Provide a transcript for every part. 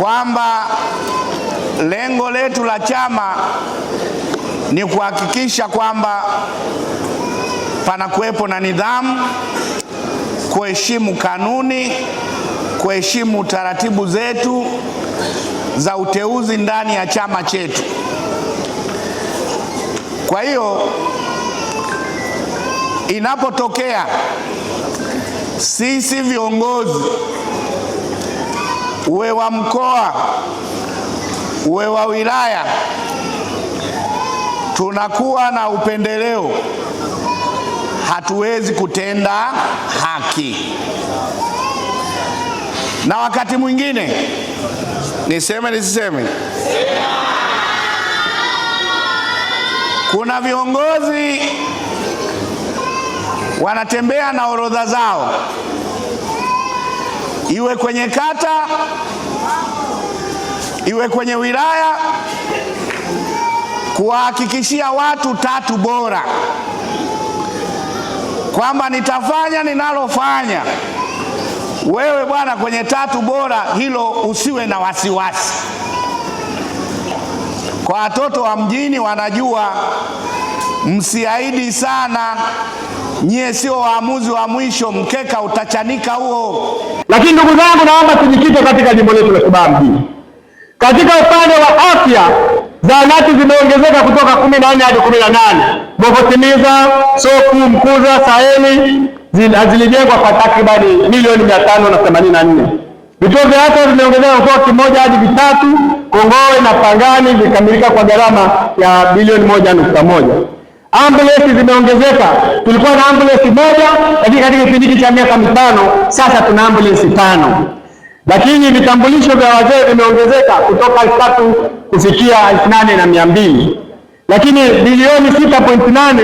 kwamba lengo letu la chama ni kuhakikisha kwamba panakuwepo na nidhamu, kuheshimu kanuni, kuheshimu taratibu zetu za uteuzi ndani ya chama chetu. Kwa hiyo inapotokea sisi viongozi uwe wa mkoa, uwe wa wilaya, tunakuwa na upendeleo, hatuwezi kutenda haki. Na wakati mwingine, niseme nisiseme, kuna viongozi wanatembea na orodha zao iwe kwenye kata, iwe kwenye wilaya, kuwahakikishia watu tatu bora, kwamba nitafanya ninalofanya wewe bwana, kwenye tatu bora hilo usiwe na wasiwasi. Kwa watoto wa mjini wanajua, msiahidi sana Nyie sio waamuzi wa mwisho, mkeka utachanika huo. Lakini ndugu zangu, naomba tujikite katika jimbo letu la Kibaha mjini. Katika upande wa afya, zahanati zimeongezeka kutoka kumi na nne hadi kumi na nane Bokotimiza, Soku, Mkuza, Saheli zilijengwa kwa takribani milioni mia tano na themanini na nne Vituo vya afya vimeongezeka kutoka kimoja hadi vitatu Kongowe na Pangani vikamilika kwa gharama ya bilioni moja nukta moja. Ambulance zimeongezeka. Tulikuwa na ambulance moja, lakini katika kipindi cha miaka mitano sasa tuna ambulance tano. Lakini vitambulisho vya wazee vimeongezeka kutoka elfu tatu kufikia elfu nane na mia mbili lakini bilioni 6.8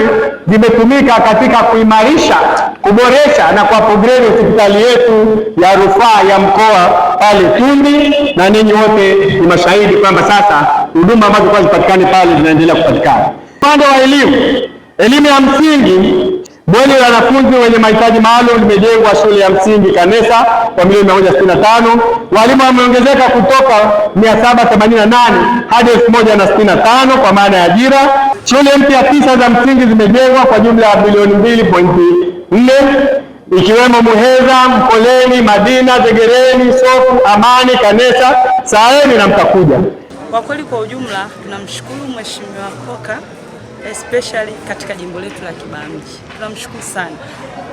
zimetumika katika kuimarisha, kuboresha na kuupgrade hospitali yetu ya rufaa ya mkoa pale Tumbi, na ninyi wote ni mashahidi kwamba sasa huduma ambazo kwa zipatikane pale zinaendelea kupatikana. Upande wa elimu, elimu ya msingi, bweni la wanafunzi wenye mahitaji maalum limejengwa shule ya msingi Kanesa kwa milioni 165. Walimu wameongezeka kutoka 788 hadi 1065 kwa maana ya ajira. Shule mpya tisa za msingi zimejengwa kwa jumla ya bilioni 2.4 ikiwemo Muheza, Mkoleni, Madina, Zegereni, Sofu, Amani, Kanesa, Saeni na Mtakuja. Kwa kweli, kwa ujumla tunamshukuru Mheshimiwa Koka especially katika jimbo letu la Kibamji. Tunamshukuru sana.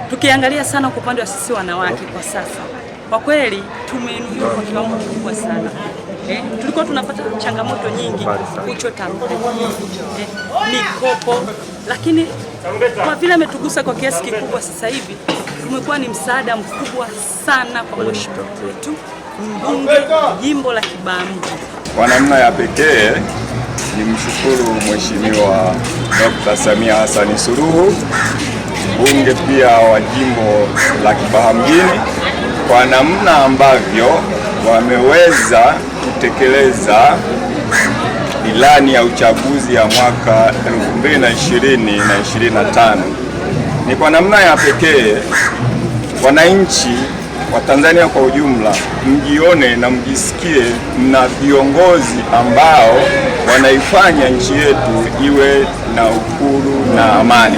Tukiangalia sana kwa upande wa sisi wanawake kwa sasa, kwa kweli tumeinuliwa kwa kiwango kikubwa sana. Eh, tulikuwa tunapata changamoto nyingi kuchota eh, mikopo, lakini kwa vile ametugusa kwa kiasi kikubwa, sasa hivi umekuwa ni msaada mkubwa sana kwa mheshimiwa wetu mbunge jimbo la Kibamji kwa namna ya pekee ni mshukuru Mheshimiwa Dr. Samia Hassan Suluhu, mbunge pia wa jimbo la Kibaha mjini kwa namna ambavyo wameweza kutekeleza ilani ya uchaguzi ya mwaka 2020 na 2025. Ni kwa namna ya pekee wananchi Watanzania kwa ujumla mjione na mjisikie mna viongozi ambao wanaifanya nchi yetu iwe na uhuru na amani.